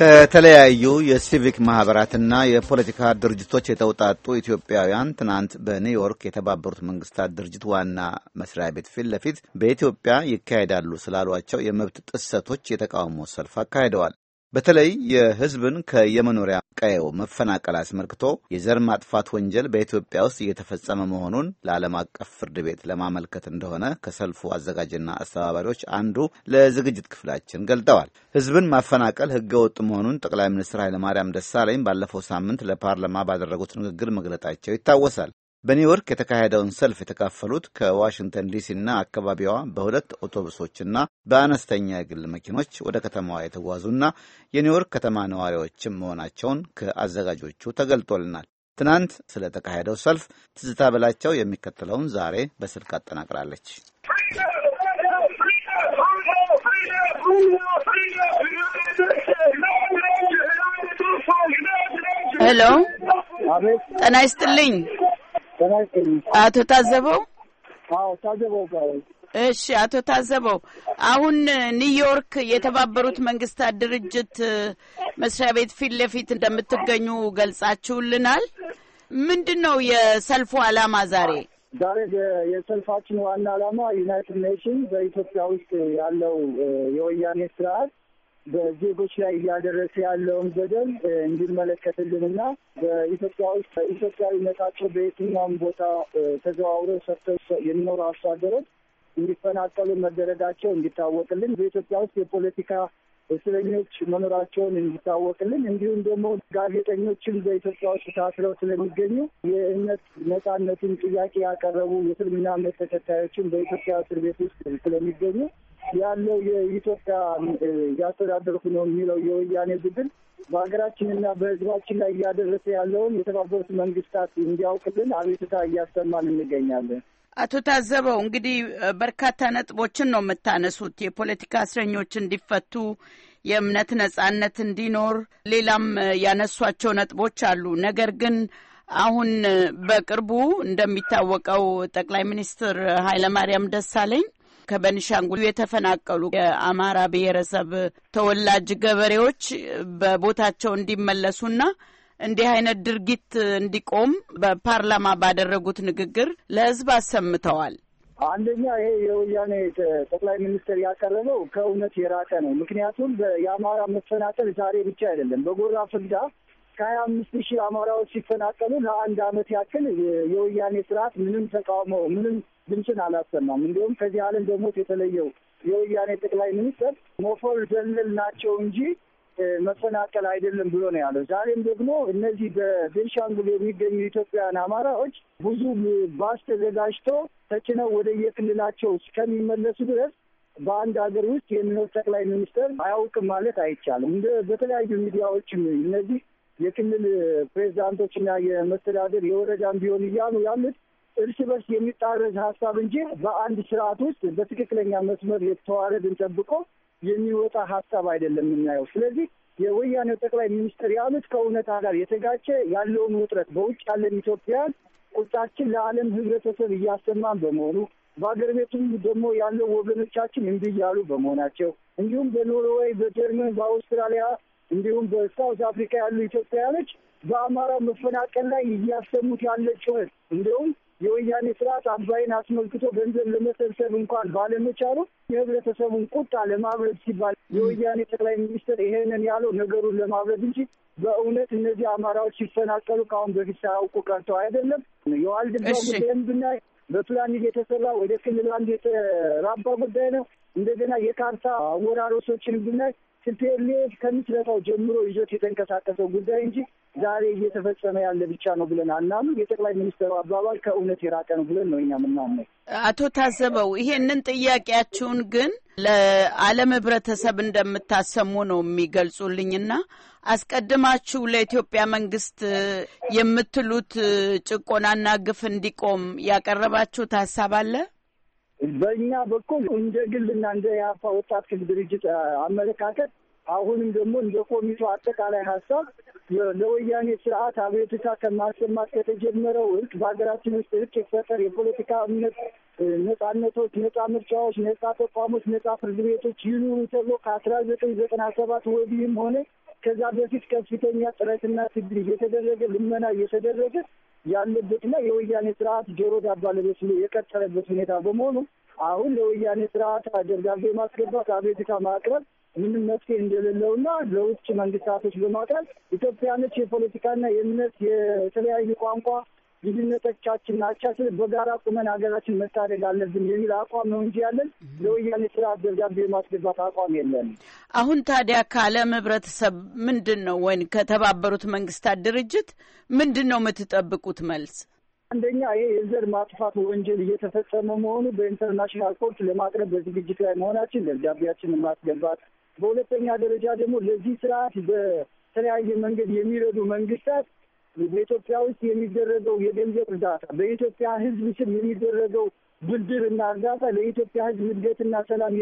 ከተለያዩ የሲቪክ ማኅበራትና የፖለቲካ ድርጅቶች የተውጣጡ ኢትዮጵያውያን ትናንት በኒውዮርክ የተባበሩት መንግስታት ድርጅት ዋና መስሪያ ቤት ፊት ለፊት በኢትዮጵያ ይካሄዳሉ ስላሏቸው የመብት ጥሰቶች የተቃውሞ ሰልፍ አካሂደዋል። በተለይ የህዝብን ከየመኖሪያ ቀየው መፈናቀል አስመልክቶ የዘር ማጥፋት ወንጀል በኢትዮጵያ ውስጥ እየተፈጸመ መሆኑን ለዓለም አቀፍ ፍርድ ቤት ለማመልከት እንደሆነ ከሰልፉ አዘጋጅና አስተባባሪዎች አንዱ ለዝግጅት ክፍላችን ገልጠዋል። ህዝብን ማፈናቀል ህገ ወጥ መሆኑን ጠቅላይ ሚኒስትር ኃይለማርያም ደሳለኝ ባለፈው ሳምንት ለፓርላማ ባደረጉት ንግግር መግለጣቸው ይታወሳል። በኒውዮርክ የተካሄደውን ሰልፍ የተካፈሉት ከዋሽንግተን ዲሲና አካባቢዋ በሁለት አውቶቡሶችና በአነስተኛ የግል መኪኖች ወደ ከተማዋ የተጓዙና የኒውዮርክ ከተማ ነዋሪዎችም መሆናቸውን ከአዘጋጆቹ ተገልጦልናል። ትናንት ስለተካሄደው ሰልፍ ትዝታ በላቸው የሚከተለውን ዛሬ በስልክ አጠናቅራለች። ሄሎ፣ ጤና ይስጥልኝ። አቶ ታዘበው እሺ አቶ ታዘበው አሁን ኒውዮርክ የተባበሩት መንግስታት ድርጅት መስሪያ ቤት ፊት ለፊት እንደምትገኙ ገልጻችሁልናል ምንድን ነው የሰልፉ አላማ ዛሬ ዛሬ የሰልፋችን ዋና አላማ ዩናይትድ ኔሽን በኢትዮጵያ ውስጥ ያለው የወያኔ ስርዓት በዜጎች ላይ እያደረሰ ያለውን በደል እንዲመለከትልንና በኢትዮጵያ ውስጥ ኢትዮጵያዊነታቸው በየትኛውም ቦታ ተዘዋውረው ሰርተው የሚኖሩ አርሶ አደሮች እንዲፈናቀሉ መደረጋቸው እንዲታወቅልን፣ በኢትዮጵያ ውስጥ የፖለቲካ እስረኞች መኖራቸውን እንዲታወቅልን፣ እንዲሁም ደግሞ ጋዜጠኞችን በኢትዮጵያ ውስጥ ታስረው ስለሚገኙ የእምነት ነፃነትን ጥያቄ ያቀረቡ የእስልምና እምነት ተከታዮችን በኢትዮጵያ እስር ቤት ውስጥ ስለሚገኙ ያለው የኢትዮጵያ እያስተዳደርኩ ነው የሚለው የወያኔ ቡድን በሀገራችንና በሕዝባችን ላይ እያደረሰ ያለውን የተባበሩት መንግስታት እንዲያውቅልን አቤቱታ እያሰማን እንገኛለን። አቶ ታዘበው እንግዲህ በርካታ ነጥቦችን ነው የምታነሱት። የፖለቲካ እስረኞች እንዲፈቱ፣ የእምነት ነጻነት እንዲኖር፣ ሌላም ያነሷቸው ነጥቦች አሉ። ነገር ግን አሁን በቅርቡ እንደሚታወቀው ጠቅላይ ሚኒስትር ኃይለማርያም ደሳለኝ ከበንሻንጉል የተፈናቀሉ የአማራ ብሔረሰብ ተወላጅ ገበሬዎች በቦታቸው እንዲመለሱና እንዲህ አይነት ድርጊት እንዲቆም በፓርላማ ባደረጉት ንግግር ለህዝብ አሰምተዋል። አንደኛ ይሄ የወያኔ ጠቅላይ ሚኒስትር ያቀረበው ከእውነት የራቀ ነው። ምክንያቱም የአማራ መፈናቀል ዛሬ ብቻ አይደለም። በጎራ ፍዳ ከሀያ አምስት ሺህ አማራዎች ሲፈናቀሉ ለአንድ አመት ያክል የወያኔ ስርዓት ምንም ተቃውሞ ምንም ድምፅን አላሰማም። እንዲሁም ከዚህ ዓለም በሞት የተለየው የወያኔ ጠቅላይ ሚኒስትር ሞፈር ደለል ናቸው እንጂ መፈናቀል አይደለም ብሎ ነው ያለው። ዛሬም ደግሞ እነዚህ በቤንሻንጉል የሚገኙ ኢትዮጵያውያን አማራዎች ብዙ ባስ ተዘጋጅቶ ተጭነው ወደ የክልላቸው እስከሚመለሱ ድረስ በአንድ ሀገር ውስጥ የሚኖር ጠቅላይ ሚኒስትር አያውቅም ማለት አይቻልም። እንደ በተለያዩ ሚዲያዎችም እነዚህ የክልል ፕሬዚዳንቶችና የመስተዳደር የወረዳም ቢሆን እያሉ ያሉት እርስ በርስ የሚጣረስ ሀሳብ እንጂ በአንድ ስርዓት ውስጥ በትክክለኛ መስመር የተዋረድን ጠብቆ የሚወጣ ሀሳብ አይደለም የምናየው። ስለዚህ የወያኔው ጠቅላይ ሚኒስትር ያሉት ከእውነታ ጋር የተጋጨ ያለውን ውጥረት በውጭ ያለን ኢትዮጵያን ቁጣችን ለዓለም ህብረተሰብ እያሰማን በመሆኑ በሀገር ቤቱም ደግሞ ያለው ወገኖቻችን እምቢ እያሉ በመሆናቸው እንዲሁም በኖርዌይ፣ በጀርመን፣ በአውስትራሊያ እንዲሁም በሳውት አፍሪካ ያሉ ኢትዮጵያውያኖች በአማራ መፈናቀል ላይ እያሰሙት ያለ ጩኸት እንዲሁም የወያኔ ስርዓት አባይን አስመልክቶ ገንዘብ ለመሰብሰብ እንኳን ባለመቻሉ የህብረተሰቡን ቁጣ ለማብረድ ሲባል የወያኔ ጠቅላይ ሚኒስትር ይሄንን ያለው ነገሩን ለማብረድ እንጂ በእውነት እነዚህ አማራዎች ሲፈናቀሉ ከአሁን በፊት ሳያውቁ ቀርተው አይደለም። የዋልድባ ጉዳይም ብናይ በፕላኒንግ የተሰራ ወደ ክልል አንድ የተራባ ጉዳይ ነው። እንደገና የካርታ አወራረሶችን ብናይ ስፔርሌ ከምስረታው ጀምሮ ይዞት የተንቀሳቀሰው ጉዳይ እንጂ ዛሬ እየተፈጸመ ያለ ብቻ ነው ብለን አናምንም። የጠቅላይ ሚኒስትሩ አባባል ከእውነት የራቀ ነው ብለን ነው እኛ የምናምነው። አቶ ታዘበው ይሄንን ጥያቄያችሁን ግን ለዓለም ህብረተሰብ እንደምታሰሙ ነው የሚገልጹልኝና አስቀድማችሁ ለኢትዮጵያ መንግስት የምትሉት ጭቆናና ግፍ እንዲቆም ያቀረባችሁት ሀሳብ አለ? በእኛ በኩል እንደ ግልና እንደ የአፋ ወጣት ድርጅት አመለካከት አሁንም ደግሞ እንደ ኮሚቴው አጠቃላይ ሀሳብ ለወያኔ ስርዓት አቤቱታ ከማሰማት ከተጀመረው ህግ በሀገራችን ውስጥ ህግ ይፈጠር፣ የፖለቲካ እምነት ነጻነቶች፣ ነጻ ምርጫዎች፣ ነጻ ተቋሞች፣ ነጻ ፍርድ ቤቶች ይኑሩ ተብሎ ከአስራ ዘጠኝ ዘጠና ሰባት ወዲህም ሆነ ከዛ በፊት ከፍተኛ ጥረትና ትግል እየተደረገ ልመና እየተደረገ ያለበትና የወያኔ ስርዓት ጆሮ ዳባ ለበስ የቀጠለበት ሁኔታ በመሆኑ አሁን ለወያኔ ስርዓት ደብዳቤ ማስገባት አቤቱታ ማቅረብ ምንም መፍትሄ እንደሌለውና ለውጭ መንግስታቶች በማቅረብ ኢትዮጵያኖች የፖለቲካና የእምነት የተለያዩ ቋንቋ ልዩነቶቻችን አቻችን በጋራ ቁመን ሀገራችን መታደግ አለብን የሚል አቋም ነው እንጂ ያለን ለወያኔ ስርዓት ደብዳቤ የማስገባት አቋም የለን። አሁን ታዲያ ከዓለም ህብረተሰብ ምንድን ነው ወይም ከተባበሩት መንግስታት ድርጅት ምንድን ነው የምትጠብቁት መልስ? አንደኛ ይሄ የዘር ማጥፋት ወንጀል እየተፈጸመ መሆኑ በኢንተርናሽናል ኮርት ለማቅረብ በዝግጅት ላይ መሆናችን ደብዳቤያችንን ማስገባት፣ በሁለተኛ ደረጃ ደግሞ ለዚህ ስርዓት በተለያየ መንገድ የሚረዱ መንግስታት በኢትዮጵያ ውስጥ የሚደረገው የገንዘብ እርዳታ በኢትዮጵያ ሕዝብ ስም የሚደረገው ብድርና እርዳታ ለኢትዮጵያ ሕዝብ እድገትና ሰላም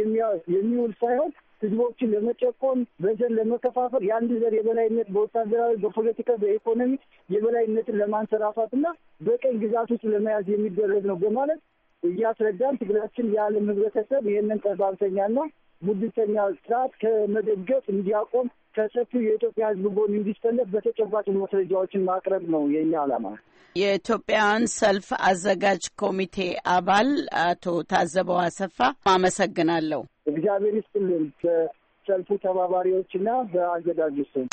የሚውል ሳይሆን ህዝቦችን ለመጨቆን፣ በዘር ለመከፋፈል፣ የአንድ ዘር የበላይነት በወታደራዊ በፖለቲካ በኢኮኖሚ የበላይነትን ለማንሰራፋትና በቀኝ ግዛት ውስጥ ለመያዝ የሚደረግ ነው በማለት እያስረዳን ትግላችን የዓለም ህብረተሰብ ይህንን ጠባብተኛና ቡድንተኛ ስርዓት ከመደገፍ እንዲያቆም ከሰፊው የኢትዮጵያ ሕዝብ ጎን እንዲሰለፍ በተጨባጭ ማስረጃዎችን ማቅረብ ነው የኛ ዓላማ። የኢትዮጵያውያን ሰልፍ አዘጋጅ ኮሚቴ አባል አቶ ታዘበው አሰፋ አመሰግናለሁ። እግዚአብሔር ይስጥልን። በሰልፉ ተባባሪዎችና በአዘጋጁ። ስም